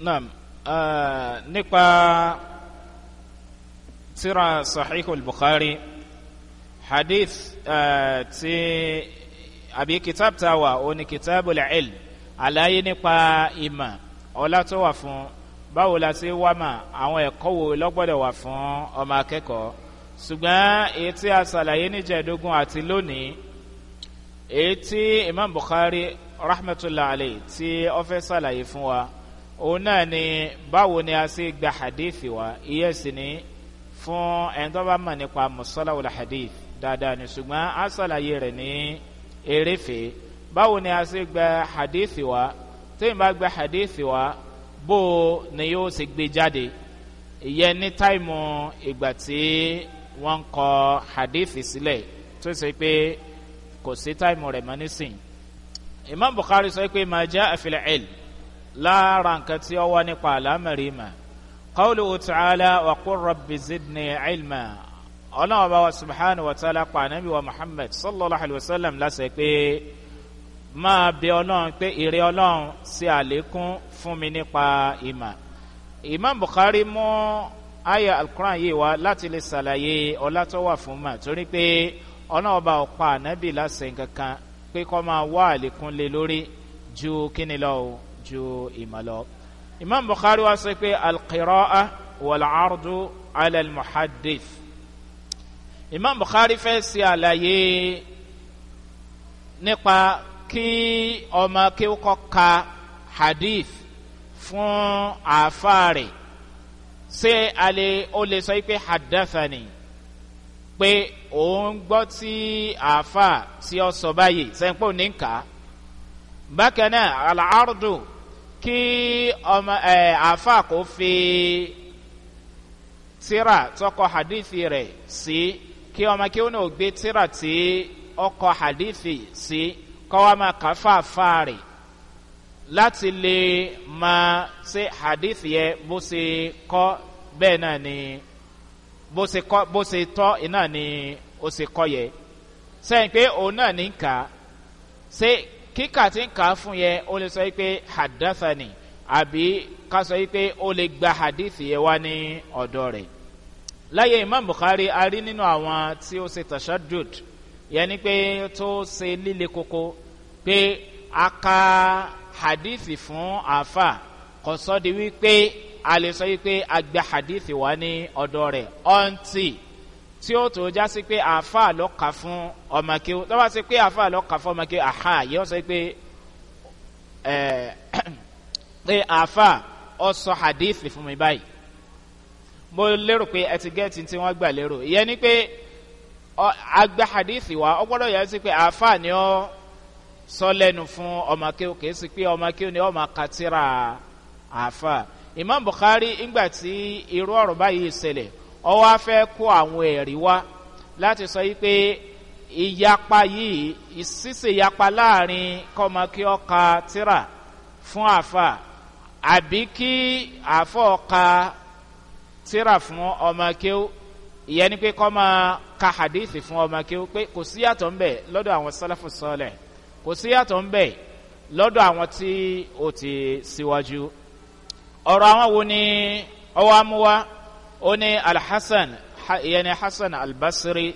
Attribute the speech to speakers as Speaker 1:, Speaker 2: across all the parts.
Speaker 1: naam ah, nípa tírà sahih al-bukhari hadith ah, ti àbí kitab tawa ó ní kitab al-ilm àlàyé nípa ìmọ̀ ọlá tó wà fún báwo la ti wá mà àwọn ẹ̀kọ́ wo lọ́gbọ́dọ̀ wà fún ọmọ akẹ́kọ̀ọ́ ṣùgbọ́n èyí tí a ṣàlàyé níjẹ̀ẹ́dógún àti lónìí imam bukhari rahmatullahi alayhi tí ó fẹ́ ṣàlàyé fún wa òun náà ni báwo ni a ṣe gba hadithi wa iye sì ni fún ẹni tó bá mọ̀ nípa mùsọ́láwùlà hadith dáadáa ni ṣùgbọ́n a ṣàlàyé rẹ̀ ní eréfèé báwo ni a ṣe gba hadithi wa téèyàn bá gba hadithi wa bó ni yóò ṣe gbé jáde ìyẹn ní táìmù ìgbà tí wọ́n kọ hadithi sílẹ̀ tó ṣe pé kò sí táìmù rẹ̀ mọ́ nísìnyí imam bukhari sọ pé màá jẹ́ àfilẹ̀ ẹ̀lì lára nǹkan tí ó wá nípa àlámẹ̀rí mà kọ́ọ̀lù òtàlá wàkúrọ̀bì zidni ilmà ọlọ́wọ́ bá wa subhanahu wa ta'ala pa anabi wa muhammed sallallahu alayhi wa sallam lásẹ̀ pé máa bẹ ọlọ́run pé èrè ọlọ́run ṣe àlékún fún mi nípa ìmà imam bukhari mú aya alukuran yìí wá láti lè ṣàlàyé ọlá tó wà fún mà torí pé ọlọ́wọ́ bá ọ̀pá anabi lásẹ̀ kankan pé kọ́ máa wá àlékún lé lórí ju kíni lọ́wọ́ ju ìmọ̀ lọ. imam bukhari wa sọ pé alqira'a wàlcardu alal muhadith. imam bukhari fẹ́ ṣe àlàyé nípa kí ọmọ kí ó kọ́ ka hadith fún àfáàrẹ̀ ṣé alẹ́ ó lè sọ pé hadathani pé òun gbọ́ tí àáfà tí ọ sọ báyìí sẹ́ńpọ̀ ní nkà bákan náà àlàárdù kí ọmọ ẹ àáfà kò fi tíra tọkọ hadithi rẹ sí kí ọmọ kí ó náà gbé tíra tí ọkọ hadithi sí kọ́ wa máa kà fàáfà rẹ̀ láti lè máa ṣe hadithi yẹ bó ṣe kọ́ bẹ́ẹ̀ náà ni bó ṣe kọ́ bó ṣe tọ́ iná ni ó ṣe kọ́ yẹ sẹ́yìn pé òun náà ní kà ṣe kíkà tí ń kà á fún yẹn ó lè sọ wípé hadassani àbí ká sọ wípé ó lè gba hadith yẹn wá ní ọ̀dọ́ rẹ̀ láyé imam Bukhari a rí nínú àwọn tí ó ṣe tashadud yẹn ni pé tó ṣe líle koko pé a ka hadith fún àáfà kò sọ di wípé a lè sọ wípé a gba hadith wá ní ọ̀dọ́ rẹ̀ ọ̀ǹtì tí ó tó já sí pé àáfà lọ́ka fún ọmọ kí ó lọ́wọ́ sí pé àáfà lọ́ka fún ọmọ kí ó yóò sọ pé ẹ pé àáfà ọ sọ hadithi fún mi báyìí mo lérò pé ẹ ti gẹ́ẹ̀tì tí wọ́n gbà lérò ìyẹn ni pé agba hadithi wa ọ gbọ́dọ̀ yẹ sí pé àáfà ni ọ sọ lẹ́nu fún ọmọ kí ó sí pé ọmọ kí ó ni ọmọ katira àáfà imam buhari ńgbà tí irú ọ̀rọ̀ báyìí ṣẹlẹ̀ ọwọ́ afẹ́ kó àwọn ẹ̀rí wá láti sọ yìí pé ìyapa yìí ìsísè ìyapa láàrin kọ́mọ kí ọ ka tíra fún àfà àbí kí àfọ̀ ka tíra fún ọmọ kéw ìyẹn ni pé kọ́mọ ka hadithi fún ọmọ kéw pé kò síyàtọ̀ ńbẹ lọ́dọ̀ àwọn sálẹ́fù sọ́ọ̀lẹ̀ kò síyàtọ̀ ńbẹ lọ́dọ̀ àwọn tí ó ti síwájú ọ̀rọ̀ àwọn wo ni ọwọ́ amúwá. أني الحسن يعني حسن البصري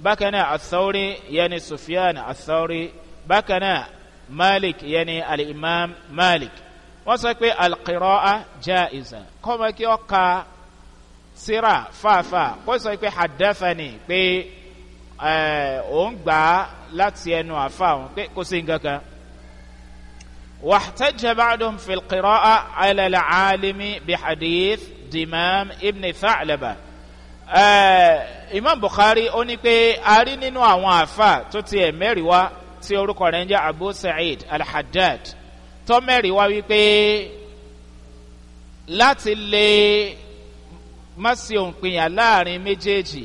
Speaker 1: بكنا الثوري يعني سفيان الثوري بكنا مالك يعني الإمام مالك وسكوا القراءة جائزة كما كيوكا سرا فا وسكوا حدثني آه، بي أنبا لا تسينوا افا كسينكا واحتج بعدهم في القراءة على العالم بحديث dimam ibn thalaba uh, imam bukhari ó ní pé a rí nínú àwọn àfa tó ti ẹ̀ mẹ́rin wá tí orúkọ rẹ̀ ń jẹ́ abu sa'id al-haddad tó mẹ́rin wá wípé láti lè má sí òǹpinya láàrin méjèèjì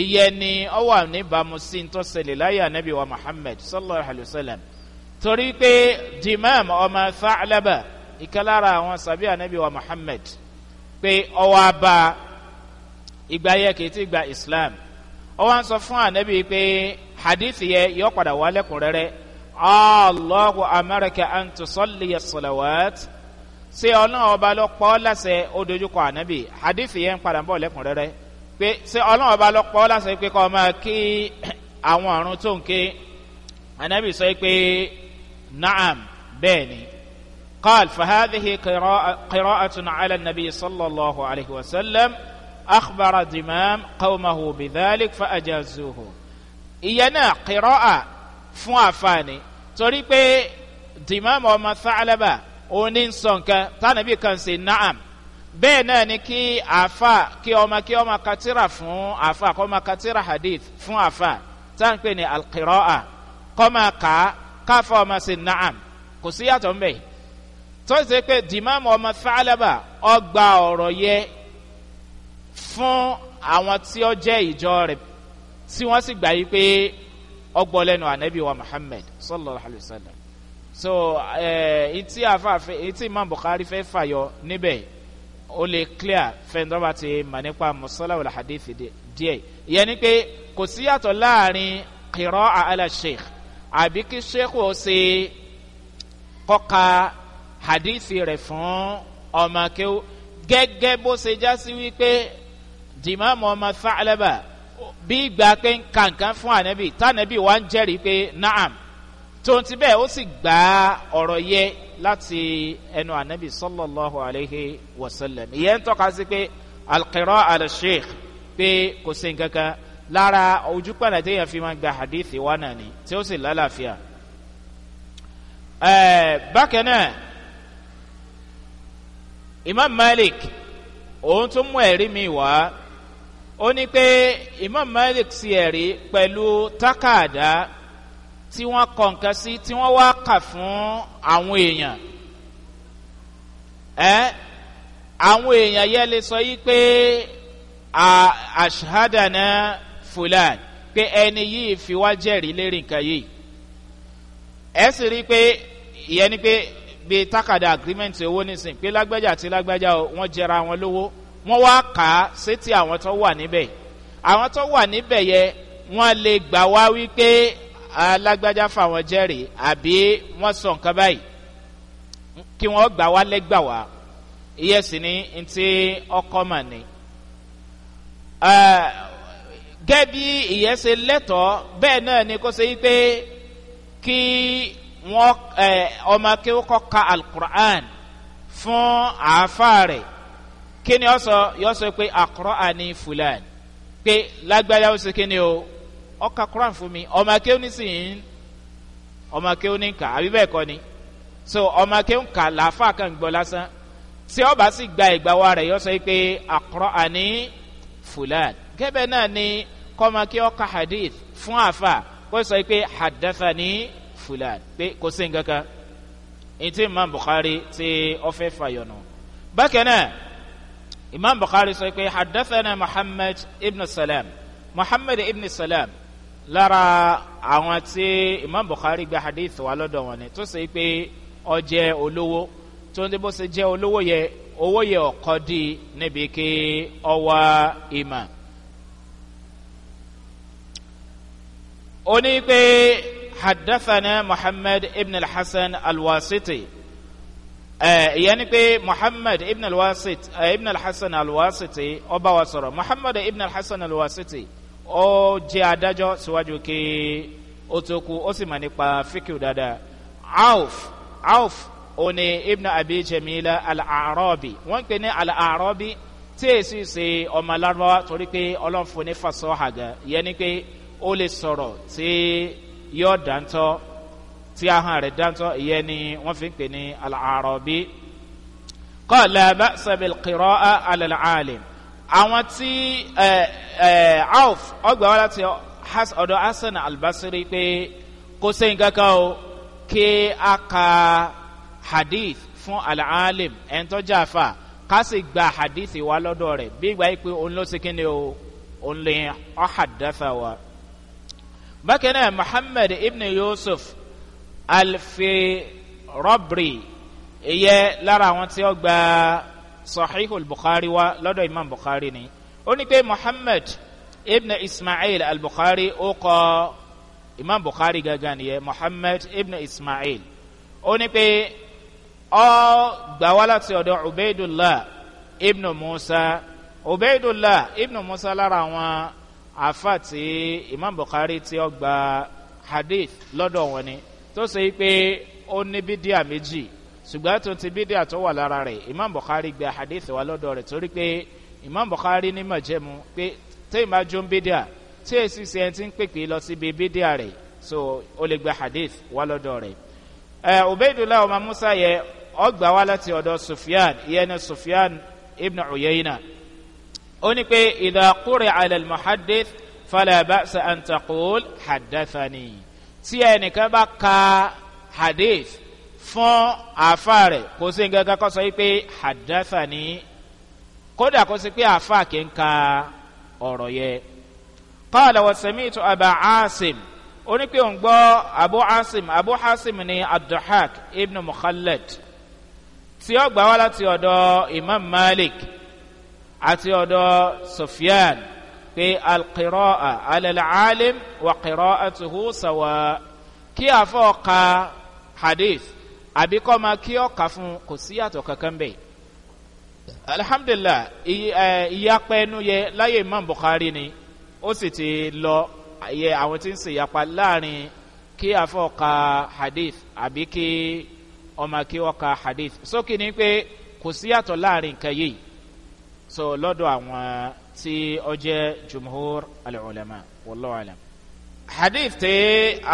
Speaker 1: ìyẹn ni ọ wà níbàámu sí tó ṣẹlẹ̀ láyé anabi wa muhammed sallallahu alayhi wa sallam torí pé dimam ọmọ thalaba ìkẹlára àwọn sàbí anabi wa muhammed pé ọwọ́ abá ìgbà yẹ kì í ti gba islam ọwọ́ ń sọ fún ànábì pé hadith yẹ yọ padà wà lẹ́kùnrẹ́rẹ́ allahu america antusọ́lì salawat ṣé ọlọ́run ọba lọ pọ́ lásẹ̀ ó dojúkọ ànábì hadith yẹn padà ń bọ̀ lẹ́kùnrẹ́rẹ́ pé ṣé ọlọ́run ọba lọ pọ́ lásẹ̀ pé kọ́ ọ kí àwọn àrùn tó ń ké ànábì sọ pé naam bẹ́ẹ̀ ni. قال فهذه قراءة, قراءة على النبي صلى الله عليه وسلم أخبر دمام قومه بذلك فأجازوه إينا قراءة فوافاني تريبي دمام وما ثعلبا oní nsọ̀nkẹ́ tánàbí kan sí naam bẹ́ẹ̀ náà ni kí àfa kí ọmọ kí ọmọ katira fún àfa kọ́ ọmọ katira hadith fún àfa táwọn pè ní alqiraa kọ́ ọmọ ká káfa ọmọ sí naam kò sí yàtọ̀ mbẹ́ yìí tọ́sí pé dìmáàmù ọmọ fàlábà ọgbà ọ̀rọ̀ yẹ fún àwọn tí ó jẹ́ ìjọ rẹ̀ tí wọ́n sì gbà yí pé ọgbọ́ lẹ́nu ànábì wa muhammed sallallahu alayhi wa sallam so etí àfààfẹ etí imam buhari fẹ́ fàyọ níbẹ̀ ó lè clear fẹ́ndọ́bà ti mà nípa musalawul hadith díẹ̀ ìyẹn ni pé kò síyàtọ̀ láàrin kìrọ́ àhálà sheikh àbí kí sheikh ó ṣe kọ́ka hadithi rẹ̀ fún ọmọ kéwù gẹ́gẹ́ bó ṣe já sí wípé dìmọ́mù ọmọ fàlẹ́bà bí ìgbà pé ń ka nǹkan fún ànábì tànábì wá ń jẹ́rìí pé naam tóun ti bẹ́ẹ̀ ó sì gba ọ̀rọ̀ yẹ láti ẹnu ànábì sallallahu alayhi wa sallam ìyẹn tọ́ka sí pé alqirọ́ alṣeikh pé kò sí nǹkan lára ojú pẹ̀lẹ́ téèyàn fi máa gba hadithi wa nàní tí ó sì lálàáfíà. bákan náà imam malik òun tún mú ẹ̀rí mi wá ó ní pé imam malik sí ẹ̀rí pẹ̀lú tákàdá tí wọ́n kọ nǹkan sí tí wọ́n wá kà fún àwọn èèyàn ẹ àwọn èèyàn yẹn lè sọ yí pé àṣàdànà fúlàn pé ẹni yìí fi wá jẹ́rìí lérí nǹkan yìí ẹ sì rí i pé ìyẹn ni pé bí takada agreement owó nísìn pé lágbájá àti lágbájá wọn jẹra wọn lówó wọn wá kà á sétí àwọn tó wà níbẹ̀ àwọn tó wà níbẹ̀ yẹ wọn lè gbà wá wípé alágbájá fáwọn jẹ́rìí àbí wọ́n sọ nǹkan báyìí kí wọ́n gbà wá lẹ́gbà wá iye sì ni ntí ọkọ mà ní. gẹ́bí ìyẹn lẹ́tọ̀ọ́ bẹ́ẹ̀ náà ni kó ṣe wípé kí wọn ẹ ọmọ kéwòkọ ka alukur'an fún àáfàárẹ kíni ọsọ yọsọ pé àkọrọ àní fúlàn pé lágbáyà ó sì o ọkà kuran fún mi ọmọ kéwò ní sì ń ọmọ kéwò ní kà àbí bẹ́ẹ̀ kọ́ ni so ọmọ kéwò kà làáfà kan gbọ́ lásán tí ọba sì gba ìgbà wa rẹ̀ yọsọ pé àkọrọ àní fúlàn gẹ́bẹ̀ náà ni kọ́mọ kéwò ka hadith fún àáfà kó sọ pé hadathani fulan pé kò sí nǹkan kan imam bukhari ti ọfẹ fàyọnù bákan náà imam bukhari sọ pé hadathana muhammad ibn salam muhammad ibn salam lára àwọn tí imam bukhari gba hadith wa lọ́dọ̀ wọn ni tó sọ pé ọjẹ́ olówó tó ń dé bó ṣe jẹ́ olówó yẹ owó yẹ ọkọ di níbi kí ọwá ìmọ̀. ó ní pé. حدثنا محمد ابن الحسن الواسطي يعني بي محمد ابن الواسط ابن الحسن الواسطي أبا وصرة محمد ابن الحسن الواسطي ó jẹ́ adájọ́ síwájú kí ó tó kú ó sì mọ̀ nípa fíkìú dáadáa auf auf ó ní ibn abi jamila al-arabi wọ́n ń pè ní al-arabi tí èsì ṣe ọmọ alárọ́wá torí pé ọlọ́run fún ní fasọ́ àgà yẹn ni pé ó lè sọ̀rọ̀ tí yóò dáńtọ́ tí ahọ́n rẹ̀ dáńtọ́ ìyẹn ni wọ́n fi ń pè ní alàrọ̀bí kọ́ọ̀lá bá sẹ́bìl kìrọ́ alàlàálẹ̀ àwọn tí alf ọgbà wa láti ọ̀dọ̀ hasan albasiri pé kó sẹ́yìn kankan o kí a ka hadith fún alàálẹ̀ ẹ̀ ń tọ́jà gba hadith wa lọ́dọ̀ rẹ̀ bí ìgbà yìí pé òun ló ṣe ni o òun lè ọ̀hàdáfà wa bákan náà muhammed ibn yusuf alfirobri ìyẹ lára àwọn tí ó gba sahihul bukhari wa lọ́dọ̀ imam bukhari ni ó ní pé muhammed ibn ismail al-bukhari ó kọ imam bukhari gangan nìyẹn muhammed ibn ismail ó ní pé ọ gbà wá láti ọ̀dọ̀ ubaydullah ibn musa ubaydullah ibn musa lára àwọn afa imam bukhari ti ọ gba hadith lodo wọn ni tó ṣe pé ó ní bidia méjì ṣùgbọ́n tó ti bídíà tó wà lára rẹ̀ imam bukhari gba hadith wa lodo rẹ̀ torí pé imam bukhari ní mọ̀jẹ̀mú pé téèyàn bá jó ń bídíà tí èsì ṣe ẹni tí ń pèpè lọ síbi bídíà rẹ̀ so ó lè gba hadith wa lodo rẹ̀ ẹ ubeidula ọmọ musa yẹ ọgbà wa láti ọ̀dọ̀ sufyan ìyẹn ni sufyan ibn uyayna ó ní pé ìdá kúrẹ̀ alẹ́l muhaddith falaba sa antakul hadathani tí ẹnìkan bá ka hadith fún àfa rẹ̀ kò sí nǹkan kan kọ́ sọ wípé hadathani kódà kò sí pé àfa kì í ka ọ̀rọ̀ yẹ. kọ́ọ̀lá wọ́n sẹ́mi tó àbá asim ó ní pé abu asim abu asim ni abdulhaq ibn mukhallad tí ó gbà wá láti imam malik àti ọ̀dọ̀ sofiyan pé alqirọ́à alẹ́lẹ́alim wà qirọ́à tuhu sawa kí àfọ́ ka hadith àbí kọ́ máa kí ọ́ kà fún kò sí yàtọ̀ kankan bẹ́ẹ̀. alhamdulilah ìyapẹ́ ẹnu yẹ láyé imam buhari ni ó sì ti lọ yẹ àwọn tí ń ṣe ìyapa láàrin kí àfọ́ hadith àbí kí ọmọ kí ọ́ hadith sókè ni pé kò sí yàtọ̀ láàrin nǹkan yìí so lọ́dọ̀ àwọn tí ó jẹ́ jumhur al-ulama wallahu alam. hadith tí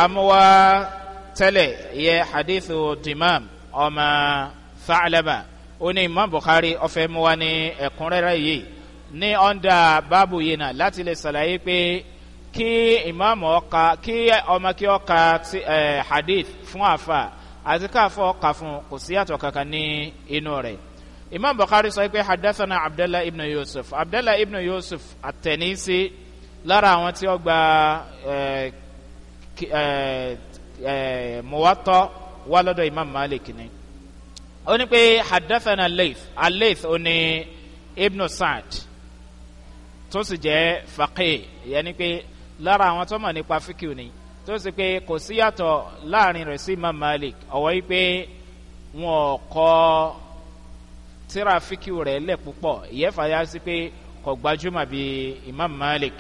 Speaker 1: amuwa tẹ́lẹ̀ yẹ hadith dimam ọmọ fa'alaba ó ní imam bukhari ọ̀fẹ́ muwa ní ẹ̀kúnrẹ́rẹ́ yìí ní ọ̀ndà báàbù yìí náà láti lè ṣàlàyé pé kí imam ọ̀ka kí ọmọ kí ọ̀ka eh, hadith fún àfa àti káfọ́ ọ̀ka fún kò sí àtọ̀ kankan ní inú rẹ̀ imam bukhari sọ pé hadassana abdallah ibn yusuf abdallah ibn yusuf àtẹnisi lára àwọn tí ó gba muwatọ wà lọdọ imam malik ni ó ní pé hadassana leith aleith ó ní ibn saad tó sì jẹ faqih yẹn ni pé lára àwọn tó mọ̀ nípa fíkìú ni tó sì pé kò síyàtọ̀ láàrin rẹ̀ sí imam malik ọ̀wọ́ yìí pé wọn kọ́ ọ tirafiki rẹ̀ lẹ̀ púpọ̀ ìyẹn fàyà sí pé kò gbajúmọ̀ bí imam malik.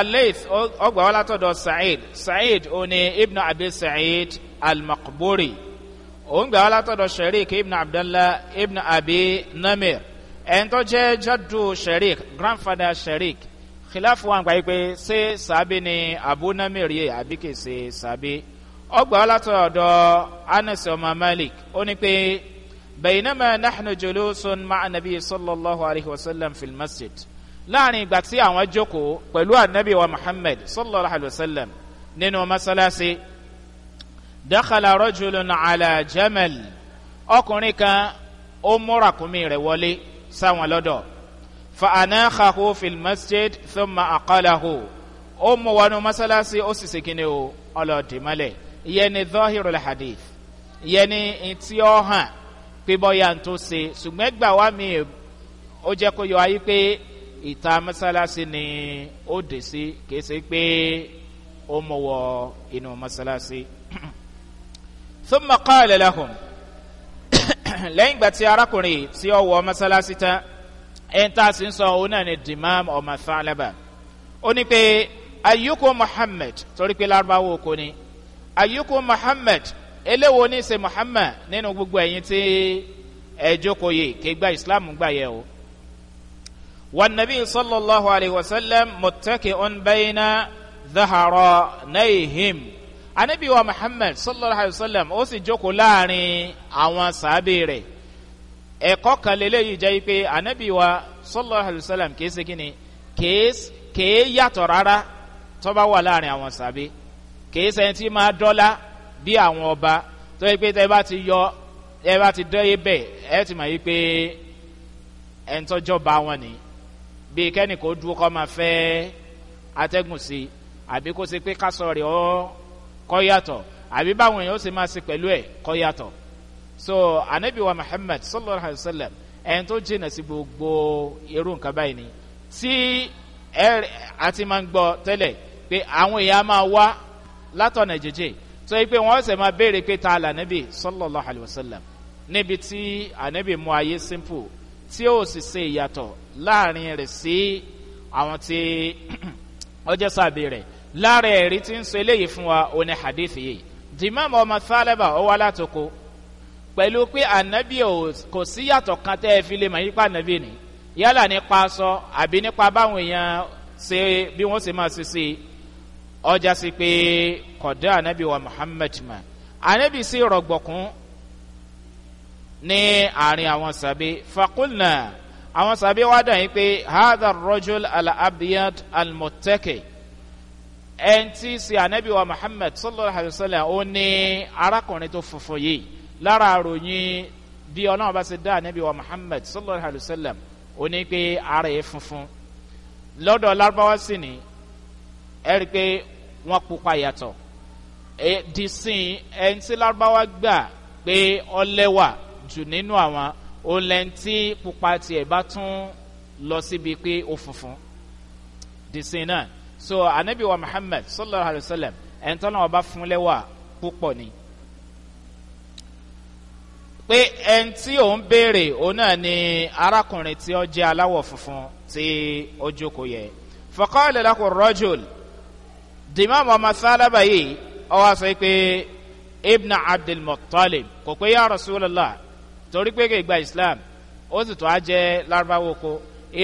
Speaker 1: aleit ọgbà wàlá tọ̀dọ̀ saheed saheed oní ibnu abi saheed almaqburi òun gbà wàlá tọ̀dọ̀ sherik ibnu abdallah ibnu abi namir ẹni tó jadu sherik grandfather sherik khilafu wa gba yi pé ṣé sàbí ni abu namir yìí àbí kì í ṣe sàbí ọgbà wàlá tọ̀dọ̀ anas ọmọ malik ó ní pé. بينما نحن جلوس مع النبي صلى الله عليه وسلم في المسجد láàrin ìgbà tí àwọn jókòó pẹ̀lú anabi wa muhammed sallallahu alayhi wa sallam nínú masalasi dakala rojulun ala jamal ọkùnrin kan ó múra kùmí rẹ̀ wọlé sáwọn lọ́dọ̀ fa anáxahu fil masjid thumma aqalahu ó mú wọnú masalasi ó sì sèkínni o ọlọ́dìmọ́lẹ̀ ìyẹn ni zahirul hadith ìyẹn ni ìtí ọ̀hán pé bọ́yá tó ṣe ṣùgbọ́n ẹgbà wá mi ó jẹ́ kó yọ ayé pé ìta mọ́sálásí ni ó dè sí kì í ṣe pé ó mọ̀ wọ inú mọ́sálásí. súnmọ́ kọ́ ẹ̀ lẹ́lẹ́hùn lẹ́yìn ìgbà tí arákùnrin tí ó wọ mọ́sálásí tán ẹ̀ń tá a sì ń sọ òun náà ni dimam ọmọ fàlẹ́bà ó ní pé ayíkó muhammed torí pé lárúbáwò kò ní ayíkó muhammed eléwo ní ṣe muhammad nínú gbogbo ẹ̀yin tí ẹ jókòó yìí kí gba islam gbà yẹ o. wọn nàbí sallallahu alayhi wa sallam mutaki on bayna zahara naihim anabi wa muhammad sallallahu alayhi wa sallam ó sì jókòó láàrin àwọn sàábì rẹ̀ ẹ̀kọ́ kan lélẹ́yìí jẹ́ pé anabi wa sallallahu alayhi wa sallam kìí ṣe kí ni kìí yàtọ̀ rárá tọ́ba wà láàrin àwọn sàábì kìí ṣe ẹni tí máa dọ́là bí àwọn ọba tó yẹ pé tẹ bá ti yọ ẹ bá ti dán yé bẹ́ẹ̀ ẹ ti mọ̀ yí pé ẹ̀ ń tọ́jọba wọn ni bí kẹ́nì kó dúró kọ́ máa fẹ́ atẹ́gùn sí i àbí kó ṣe pé kásọ̀ rẹ̀ ọ́ kọ́ yàtọ̀ àbí báwọn èèyàn ó máa ṣe pẹ̀lú ẹ̀ kọ́ yàtọ̀ so anabi wa muhammed sallallahu alayhi wa sallam ẹ̀yìn tó jìnnà sí gbogbo irú nǹkan báyìí ni tí ẹ àti máa ń gbọ́ tẹ́lẹ̀ pé àwọn èèyàn máa wá látọ̀nà jẹjẹrẹ tó yẹ pé wọ́n sẹ̀ máa béèrè pé ta là níbi sallallahu alayhi wa sallam níbi tí ànábì mú ayé simple tí ó sì ṣe ìyàtọ̀ láàrin rẹ̀ sí àwọn tí ọjọ́ sábẹ́ rẹ̀ lára ẹ̀rí tí ń sọ eléyìí fún wa òní hadith yìí dìmọ́mọ́ ọmọ sálẹ́bà ó wá pẹ̀lú pé ànábì kò sí yàtọ̀ kan tẹ́ ẹ fi lè mọ̀ yípa ànábì ni yálà nípa aṣọ àbí nípa báwọn èèyàn ṣe bí wọ́n ṣe máa ṣe ṣe ọjà sí pé kọ̀dá anabi wa muhammed ma anabi sí rọgbọ̀kún ní àárín àwọn sàbí fakulna àwọn sàbí wa dàn yín pé hadha rojul al-abiyad al-mutake ẹntì sí anabi wa muhammed sallallahu alayhi wa sallam ó ní arákùnrin tó funfun yìí lára àròyìn bí ọlọ́run bá ti dá anabi wa muhammed sallallahu alayhi wa sallam ó ní pé ara yẹ funfun lọ́dọ̀ lárúbáwá sí ni ẹ̀rí pé wọn pupa yàtọ̀ ẹ di sin ẹni tí lárúbáwá gbà pé ọlẹ́wà jù nínú àwọn olẹ́ntì pupa tiẹ̀ bá tún lọ síbi pé ó funfun di sin náà so anabi wa muhammed sallallahu alayhi wa sallam ẹni tọ́lá wọn bá fún lẹ́wà púpọ̀ ni pé ẹni tí òun béèrè òun náà ni arákùnrin tí ó jẹ́ aláwọ̀ funfun tí ó jókòó yẹ fọkọ́ ìlẹ́lákùn dimam ọmọ sálábà yìí ọwọ́ sọ pé ibn abdulmutalib kò pé yá rasulallah torí pé kò gba islam ó sì tó a jẹ larubawo ko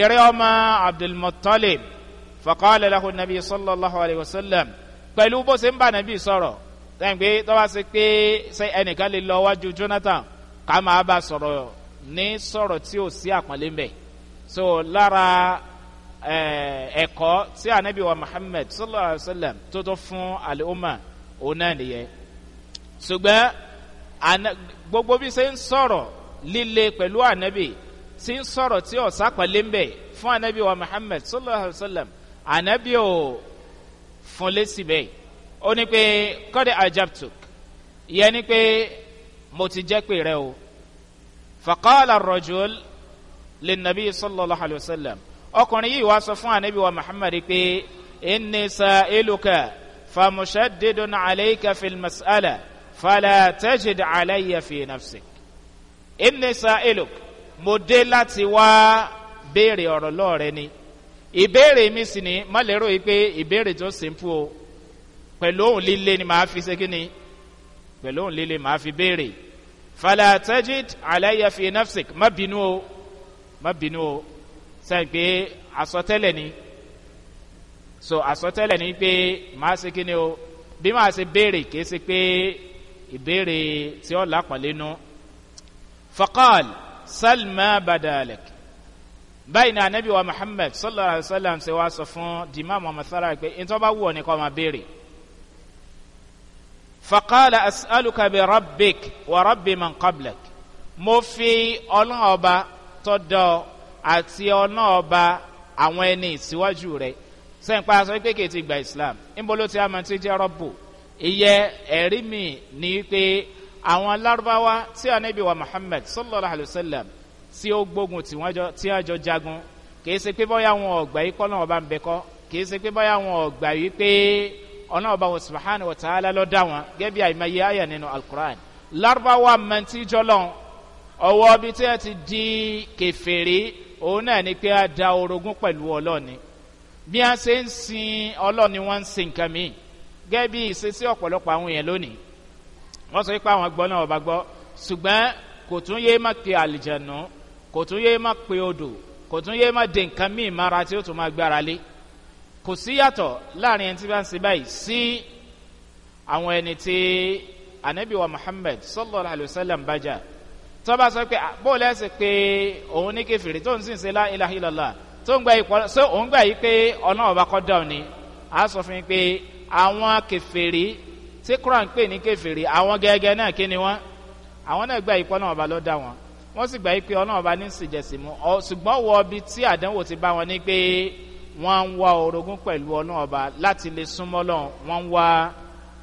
Speaker 1: eré ọmọ abdulmutalib fakọ́lẹ̀ lahu nabi sallallahu alayhi wa sallam pẹ̀lú bó ṣe ń bá nabi sọ̀rọ̀ sẹ́yìn pé tọ́wọ́ sí pé ṣe ẹnìkan lè lọ wájú jonathan ká bá sọ̀rọ̀ ní sọ̀rọ̀ tí ò sí àpọ́nlé mbẹ̀ so lára Eh, ẹ̀kọ́ tí anabi wa muhammed sallallahu alayhi wa sallam tó tó fún alihuma òun náà nìyẹn ṣùgbọ́n gbogbo bí ṣe ń sọ̀rọ̀ líle pẹ̀lú anabi ti ń sọ̀rọ̀ tí ọ̀sá pẹ̀lú ń bẹ̀ fún anabi wa muhammed sallallahu alayhi wa sallam anabi ò fún lẹ́sì bẹ́ẹ̀ ó ní pé kọ́dé ajabtuk ìyẹn ni pé mo ti jẹ́ pé rẹ o fàkàlà rọ̀jòl lè sallallahu alayhi wa sallam ọkùnrin yìí wá sọ fún anabi wa muhammad pé ẹni sa eluka famusadidun aleika fi masala fala tajid aleya fi nafsi ẹni sa eluka mo dé láti wá béèrè ọ̀rọ̀ lọ́ọ̀rẹ́ ni ìbéèrè mi sì ni má lérò yìí pé ìbéèrè tó simple o pẹ̀lú òun líle ni màá fi ṣe ni pẹ̀lú òun líle màá fi béèrè fala tajid aleya fi má bínú o má bínú o sẹ́yìn pé àsọtẹ́lẹ̀ ni so àsọtẹ́lẹ̀ ni pé màá ṣe kí ni o bí màá ṣe béèrè kìí ṣe pé ìbéèrè tí ó lápọ̀lẹ́nu fakal salma badalek báyìí ni anabi wa muhammed sallallahu alayhi wa sallam ṣe wá sọ fún dima muhammed sallallahu pé ntọ́ bá wù ọ́ ni kò máa béèrè fakal as'aluka bi rabbik wa rabbi man qablak mo fi ọlọ́run tọ́ dọ́ àti ọ̀nà ọba àwọn ẹni ìsíwájú rẹ̀ sẹ́ńpá sọ pé kèétí gba islam níbo ló ti àmọ́ tí jẹ́ rọ́bù ìyẹ ẹ̀rí mi ni pé àwọn lárúbáwá tí anabi muhammed sallallahu alayhi wa sallam tí ó gbógun tí wọ́n jọ jagun kìí ṣe pé bọ́yá wọn ọ̀gbà yìí kọ́ náà ọba ń bẹ kọ́ kìí ṣe pé bọ́yá wọn ọ̀gbà yìí pé ọ̀nà ọba wọn subahana wa ta'ala lọ dá wọn gẹ́bí àìmọye àyà nínú alukur'an lárúbáwá mẹ́ntì ọwọ́ bíi tí wọ́n ti di kẹfẹ́rẹ́ òun náà ni pé a da orogún pẹ̀lú ọlọ́ni bí a ṣe ń sin ọlọ́ni wọ́n ń sin nǹkan mi gẹ́gẹ́ bí ìṣesí ọ̀pọ̀lọpọ̀ àwọn èèyàn lónìí wọ́n sọ pé àwọn gbọ́ náà ọba gbọ́ ṣùgbọ́n kò tún yé má pe àlìjẹ̀nù kò tún yé má pe odò kò tún yé má de nǹkan míì mara tí ó tún máa gbára lé kò sí yàtọ̀ láàrin ẹni tí bá ń ṣe báyìí sí àwọn ẹni tí anabiwa muhammed sallallahu alayhi wa sallam bá tọ́ba sọ pé ah, bóòlù ẹ̀sìn pé òun ní kẹfìrì tó ń sìn ṣe lá ilàhílọ́lá tó ń gba ìpọ́ so òun gbà yí pé ọ̀nà ọba kọ́ dọ̀ ni a sọ fún mi pé àwọn kẹfìrì tí quran pè ní kẹfìrì àwọn gẹ́gẹ́ náà kí ni wọ́n àwọn náà gbà yí pé ọ̀nà ọba ló dá wọn wọ́n sì gbà yí pé ọ̀nà ọba ní sìjẹ̀sì mu ṣùgbọ́n wọ ibi tí àdánwò ti bá wọn ni pé wọ́n ń wá orogún pẹ̀lú ọ̀nà ọba láti lè súnmọ́ ọlọ́run wọ́n ń wá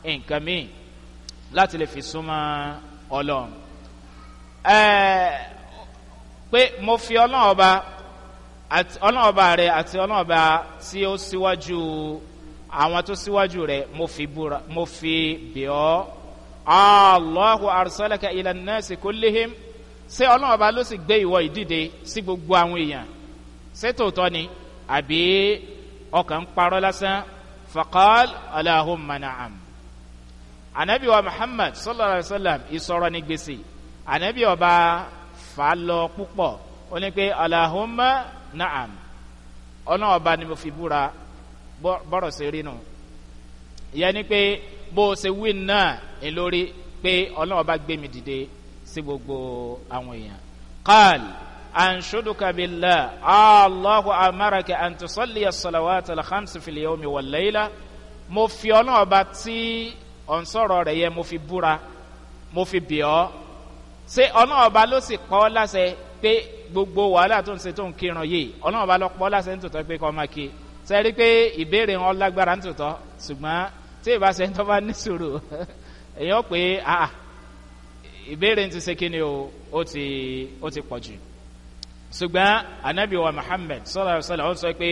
Speaker 1: nǹkan míì láti lè fi súnmọ́ ọlọ́run pé mo fi ọlọ́run ọba ọlọ́run ọba rẹ àti ọlọ́run ọba tí ó síwájú àwọn tó síwájú rẹ mo fi búra mo fi bẹ̀ ọ́ allahu arsalaka ila nurse kullihim ṣé ọlọ́run ọba ló sì gbé ìwọ ìdíde sí gbogbo àwọn èèyàn ṣé tòótọ́ ni àbí ọkàn parọ́ lásán fakal alahumma na'am anabiwa muhammad sallallahu alaihi wa sallam ìsọ̀rọ̀ ní gbèsè ànábì ọba fà á lọ púpọ̀ ó ní pé alahumma na'am ọ̀nà ọba ni mo fi búra bọ́rọ̀ sí rí nù ìyẹn ni pé bó o ṣe wí náà ẹ lórí pé ọ̀nà ọba gbé mi dìde sí gbogbo àwọn èèyàn. قال أنشدك بالله آه الله أمرك أن تصلي الصلوات الخمس في اليوم والليلة mo fi ọlọ́ọ̀ba tí ọ̀nsọ̀rọ̀ rẹ̀ yẹ mo fi búra mo fi bì ṣé ọ̀nà ọba ló sì kọ́ láṣẹ pé gbogbo wàhálà tó ń ṣe tó ń kírun yìí ọ̀nà ọba lọ pọ́ láṣẹ nítòtọ́ pé kọ́ máa ké sẹ́rí pé ìbéèrè wọn lágbára nítòtọ́ ṣùgbọ́n tí ìbá ṣe tó bá ní sùúrù èèyàn pé ah ìbéèrè ti ṣe kí ni o ó ti ó ti pọ̀ jù ṣùgbọ́n anabi wa muhammed sọlá ṣọlá ó sọ pé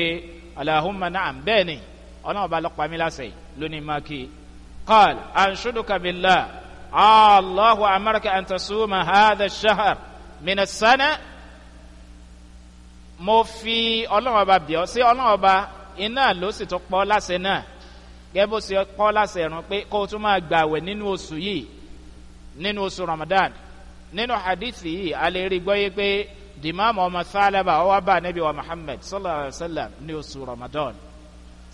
Speaker 1: alahumma naam bẹ́ẹ̀ ni ọ̀nà ọba lọ pa mí láṣẹ lónìí máa ké kọ́l àǹṣúdùkàbílà الله أمرك أن تصوم هذا الشهر من السنة mo fi ọlọ́run ọba bíọ́ sí ọlọ́run ọba iná ló sì tún pọ́ láṣẹ náà gẹ́gẹ́ bó ṣe pọ́ láṣẹ ẹ̀rùn pé kó o tún máa gbààwẹ̀ nínú oṣù yìí nínú oṣù ramadan nínú hadithi yìí a lè rí gbọ́yé pé dimamu ọmọ sálábà ọwọ́ bá níbi wa muhammed sallallahu alayhi wa sallam ní oṣù ramadan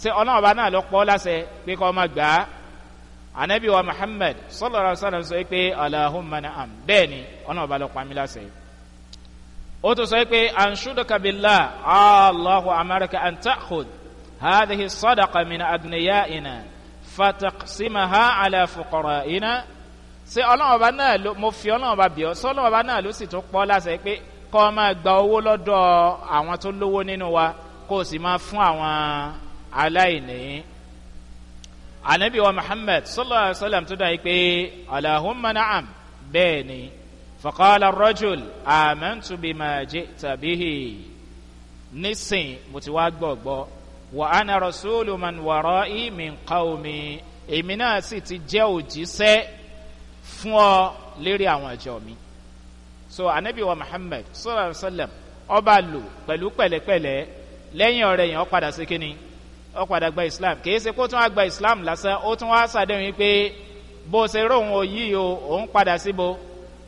Speaker 1: ṣé ọlọ́run ọba náà ló pọ́ láṣẹ pé kó o máa gbàá anabi wa muhammed sallallahu alaihi wa sallam sọ pé alahumma na'am bẹ́ẹ̀ ni ọ̀nà ọba ló pa mí lásẹ̀ ó tún sọ pé ansudukabila allahu amarika antakhud hadhihi sadaqa min agniyaina fataqsimaha ala fuqaraina ṣe ọlọ́run ọba náà ló mo fi ọlọ́run ọba bì ọ́ sọ ọlọ́run ọba náà ló sì tún pọ́ lásẹ̀ pé kọ́ ọ gba owó lọ́dọ̀ àwọn tó lówó nínú wa kó o sì máa fún àwọn aláìní anabi wa muhammed sallallahu alaihi wa sallam tó dáa pé alahumma na'am bẹ́ẹ̀ ni fakala rojul amantu bi ma je tabihi nisin mo ti wá gbọ̀gbọ́ wa ana rasulu man wọ̀rọ̀ imin qawmi èmi náà ti jẹ́ òjíṣẹ́ fún ọ lérí àwọn ìjọ mi so anabi wa muhammed sallallahu alaihi wa sallam ọba lò pẹ̀lú pẹ̀lẹ́pẹ̀lẹ́ lẹ́yìn ọ̀rẹ́ yẹn ọ padà sí kínní ọ̀padà gba islam kìí ṣe kó tún wá gba islam lásán ó tún wá sàdéhùn yìí pé bó ṣe róhun òyì o òun padà síbo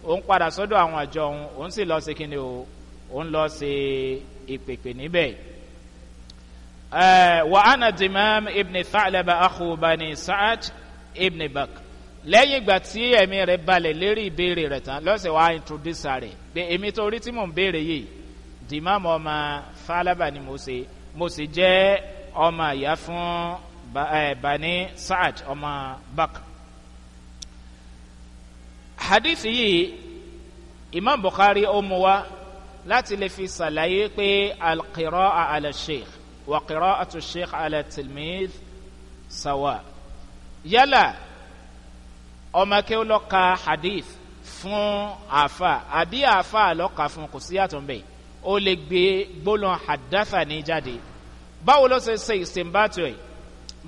Speaker 1: òun padà sọ́dọ̀ àwọn àjọ òun òun sì lọ sí kíni o òun lọ sí ìpèpè níbẹ̀. wà á nà dimam ibn thalaba akhu saad ibn bak lẹ́yìn ìgbà tí ẹ̀mí rẹ̀ balẹ̀ lérí ìbéèrè rẹ̀ tán lọ́sẹ̀ wàá introduce rẹ̀ pé èmi tó rí tí mò ń béèrè yìí dimam ọmọ thalaba ni mo ṣe mo sì jẹ́ ọmọ ìyá fún bani saad ọmọ bak hadith yìí imam bukhari ó mu wa láti lè fi ṣàlàyé pé alqirọ́ ala sheikh wa qirọ́ atu sheikh ala tilmid sawa yálà ọmọ kí ó lọ ka hadith fún àfa àbí àfa lọ ka fún kò síyàtọ̀ mbẹ́ ó lè gbé gbólóhùn hadatha ní jáde báwo ló ṣe ṣe ìsìnbátò ẹ̀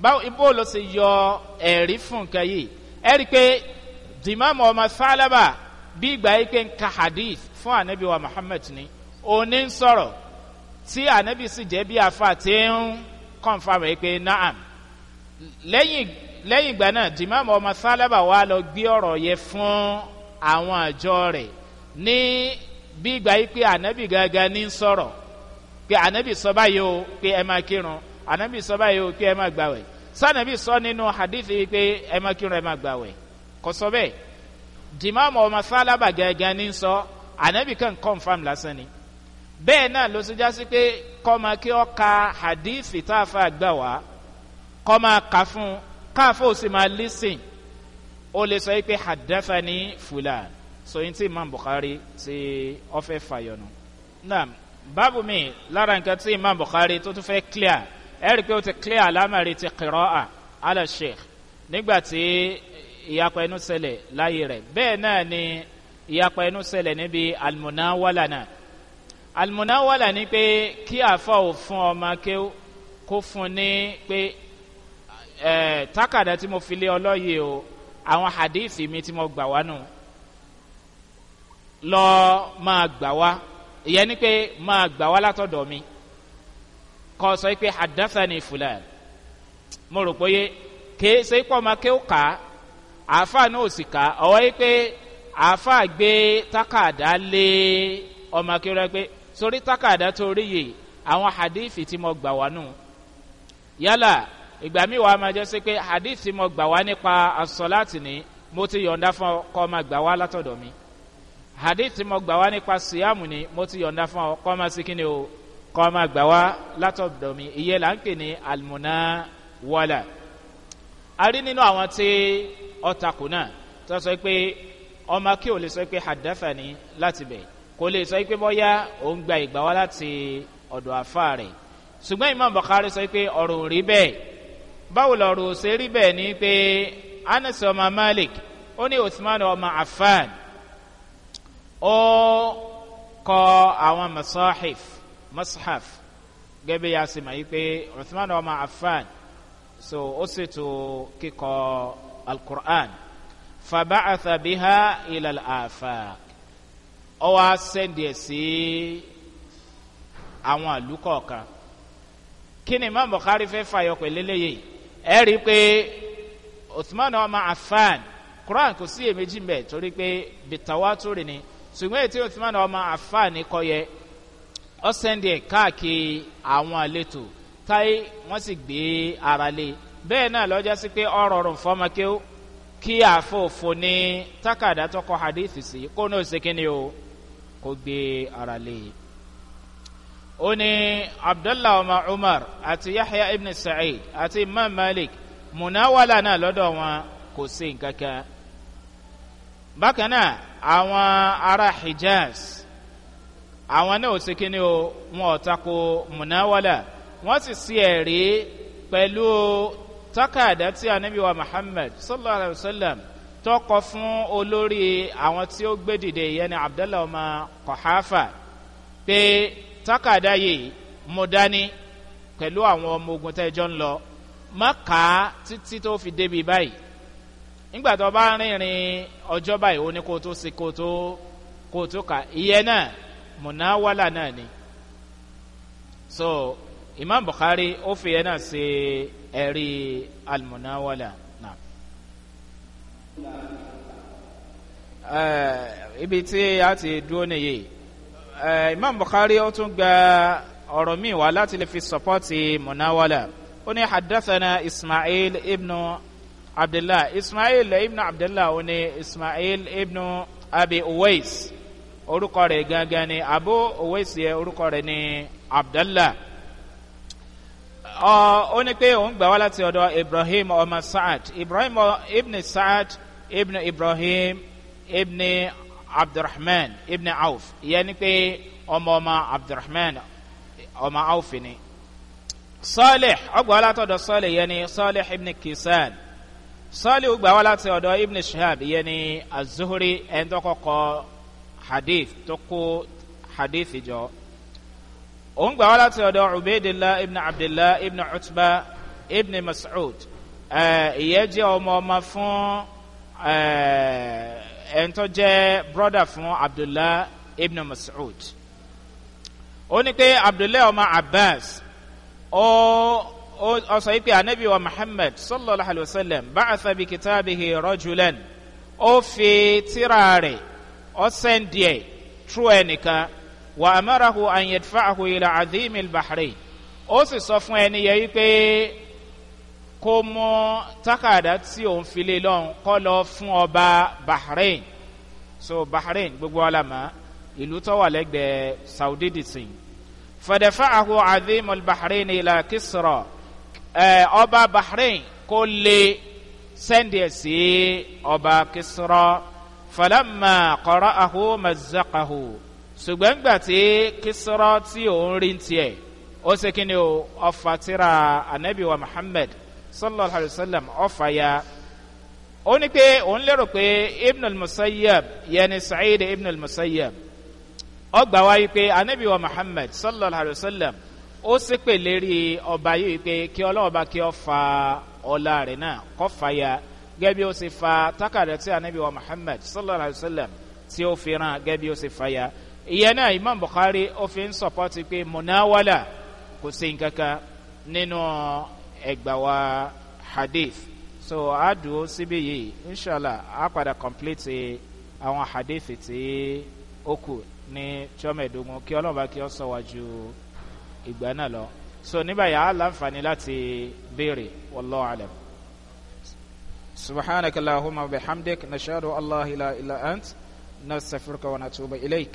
Speaker 1: báwo ibo ló ṣe yọ ẹ̀rí fún nǹkan yìí ẹ̀ rí i pé dimamu ọmọ sálábà bí ìgbà yìí pé ń hadith fún anabi wa muhammed ni òní ń sọ̀rọ̀ tí anabi sì jẹ́ bí afa ti ń confam ẹ̀ pé naam lẹ́yìn lẹ́yìn ìgbà náà dimamu ọmọ sálábà wa lọ gbé ọ̀rọ̀ yẹ fún àwọn àjọ rẹ̀ ní bí ìgbà yìí pé anabi gángan ní ń sọ̀rọ̀ pé ànábì sọ báyìí o pé ẹ máa kírun ànábì sọ báyìí o pé ẹ máa gbàwẹ̀ sànàbì sọ nínú hadith yìí pé ẹ máa kírun ẹ máa gbàwẹ̀ kò sọ bẹ́ẹ̀ ọmọ sálábà gẹ́gẹ́ ní sọ ànábì kan confam lásán ni bẹ́ẹ̀ náà ló sọjá sí pé kọ́mọ kí ọ ka hadith tá a fa gbà wá kọ́mọ kà fún káfó sì máa lísìn ó lè sọ pé hadafa ní fúlàn sọyìn tí imam buhari ti ọ fẹ́ fàyọnu babu mi lára nǹkan tí imam buhari tó tún fẹ́ clear ẹ rí i pé ó ti clear alámàrí ti kìrọ́ à ala sheikh nígbà tí ìyapa ẹnu sẹlẹ̀ láyé rẹ̀ bẹ́ẹ̀ náà ni ìyapa ẹnu sẹlẹ̀ níbi almunawala náà almunawala ni pé kí àfa ò fún ọmọ kéw kó fún ní pé ẹ tákàdá tí mo fi lé ọlọ́yè o àwọn hadith mi tí mo gbà wá nù lọ́ọ́ máa gbà wá ìyẹn ni pé máa gbà wá látọ̀dọ̀ mi kọ́ sọ pé àdáfẹ́ni fúlẹ̀ mo rò pé kìí ṣe pọ̀ máa kí ó kà á àáfàá náà ò sì kà á ọ̀wọ́ yìí pé àáfàá gbé tákàdá lé ọmọ akérò pé sórí tákàdá tó rí yìí àwọn hadith tí mo gbà wá nù yálà ìgbà míì wàá máa jẹ́ sí pé hadith tí mo gbà wá nípa asọ́láàtì ni mo ti yọ̀ǹda fún ọkọ ọmọ gbà wá látọ̀dọ̀ mi. Hadithi mo gbà wá nípa siyamu ni mo ti yọ̀ǹda fún ọ kọ́ máa sí kí ni o kọ́ máa gbà wá látọ̀dọ̀ mi ìyẹ́ là ń pè ní almuna wọlà a rí nínú àwọn tí ọtakù náà tó sọ pé ọmọ kí o lè sọ pé hadafa ni láti bẹ̀ kò lè sọ pé bọ́yá òun gba ìgbà wá láti ọ̀dọ̀ àfa rẹ̀ ṣùgbọ́n ìmọ̀ bọ̀kárí sọ pé ọ̀rọ̀ rí bẹ́ẹ̀ báwo lọ̀rọ̀ ṣe rí bẹ́ẹ̀ ni pé anas ọmọ malik ó ní usman ọmọ afaan ó kọ àwọn masahif masahaf gẹ́gẹ́ yà sí ma yí pé Uthman ọmọ Affan so ó ṣètò kíkọ alukur'an fabacata biha ilal afaq ó wá sẹ́ndì ẹ̀ sí àwọn àlùkọ̀ọ̀kan kí ni Imam Bukhari fẹ́ fàyọ pẹ̀lú ẹ rí i pé Uthman ọmọ Affan Quran kò sí èméjì mbẹ torí pé bìtàwá tó rìn ní ṣùgbọ́n ètò ìtumọ̀ náà ọmọ àfààní kọyẹ ọ̀sẹ̀ndẹ̀ káàkiri àwọn àletò táyé wọ́n sì gbé ara lé bẹ́ẹ̀ náà lọ́jọ́ sí pé ọ̀rọ̀ rùn fọ́mọkéw kí àfòfò ní tákàdá tọkọ hadith sí kó náà ṣe kí ni o kó gbé ara lé. ó ní abdullah ọmọ umar àti yahya ibn sa'id àti imam malik munawala náà lọ́dọ̀ wọn kò sí nǹkan kan bákan náà àwọn ará hijaz àwọn náà ò sí kíni o wọn ò tako munawala wọn sì sí ẹ̀rí pẹ̀lú takada tí anabiwa muhammed sallallahu alayhi wa sallam tọkọ fún olórí àwọn tí ó gbé dìde yẹn ni abdallah ọmọ kọhafa pé takada yìí mo dání pẹ̀lú àwọn ọmọ ogun tẹ́jọ́ ń lọ má kàá títí tó fi débi báyìí nígbà tó bá rìnrìn ọjọ́ báyìí ó ní kó tó sí kó tó kó tó kà ìyẹn náà mùnáwálà náà ni so imam buhari ó fi yẹn náà ṣe ẹ̀rí almunawala náà. Eh, ibi tí a ti dúró nìyí eh, imam buhari ó tún gba ọ̀rọ̀ mi wá láti lè fi sọ́pọ́tì munawala ó ní hadathana ismail ibnu عبد الله اسماعيل ابن عبد الله وني اسماعيل ابن ابي اويس orúkọ rẹ̀ gangan ni abu owesi yẹ orúkọ rẹ̀ ni abdallah ọ ó ní pé òun gbà wá láti ọ̀dọ̀ ibrahim ọmọ saad ibrahim ibn saad ibn ibrahim ibn abdulrahman ibn auf ìyẹn ni pé ọmọ ọmọ abdulrahman ọmọ auf ni sọ́ọ̀lẹ̀ ọgbà wá látọ̀dọ̀ sọ́ọ̀lẹ̀ yẹn ni sọ́ọ̀lẹ̀ ibn kisan sọ́ọ̀lì gbà wá láti ọ̀dọ̀ ibn shahab ìyẹn ni azuhuri ẹni tó kọ́kọ́ hadith tó kó hadith jọ òun gbà wá láti ọ̀dọ̀ ubaydillah ibn abdillah ibn utba ibn mas'ud ìyẹn jẹ́ ọmọ ọmọ fún ẹni tó jẹ́ broda fún abdullah ibn mas'ud ó ní pé abdullah ọmọ abbas ó ọsọ yìí pé anabi wa muhammed sallallahu alayhi wa sallam bàtà bi kitaabihi rọjulan ó fi tírà rẹ̀ ó sẹ́ndíẹ̀ e tú ẹnìkan wà amarahu anyadfahu ila adhimil bahrain ó sì sọ fún ẹni yẹ yìí kó mú takada tí òun fi lé lọ́hùn lọ fún ọba bahrain so bahrain gbogbo alama ìlú tó wà lẹ́gbẹ̀ẹ́ saudi disin fẹ̀dẹ̀fà àhùn adhimil bahrain ila kisra. Eh, ọba bahrain kó lé sẹ́ndì ẹ̀ sí ọba kisrọ́ falama kọ́ra ahu mazakahu ṣùgbọ́n gbà tí kisrọ́ tí òun rí tiẹ̀ ó ṣe kí ni o ọfà tíra anabi wa muhammed sallallahu alayhi wa sallam ọfà ya òun lérò pé ibn al-musayyab yẹni sa'id ibn al-musayyab ọgbà wáyé pé anabi wa muhammed sallallahu alayhi wa sallam ó sèpè lérí ọba yìí pé kí ọlọ́ọ̀ba kí ọ fa ọlá rẹ̀ náà kọ́ fàyà gẹ́gẹ́ bí ó sì fa takàdá tí anabi wa muhammed sallallahu alayhi wa sallam tí ó fi ràn gẹ́gẹ́ ó sì fàyà ìyẹn náà imam buhari ó fi ń sọpọ́tì pé munawala kò sí nǹkan nínú ẹgbà wa hadith so a dùn ó síbí yìí inshallah a padà complete àwọn hadith tí ó kù ní tíọ́mẹ̀ẹ́dógún kí ọlọ́ọ̀ba kí ọ sọ wájú. So ìgbà náà lọ so ní báyìí á láǹfààní láti béèrè wàllu àlẹ́ subhanakallahumma bihamdik nashadu allah ilaha illa ant nastaghfiruka wa natubu ilayk.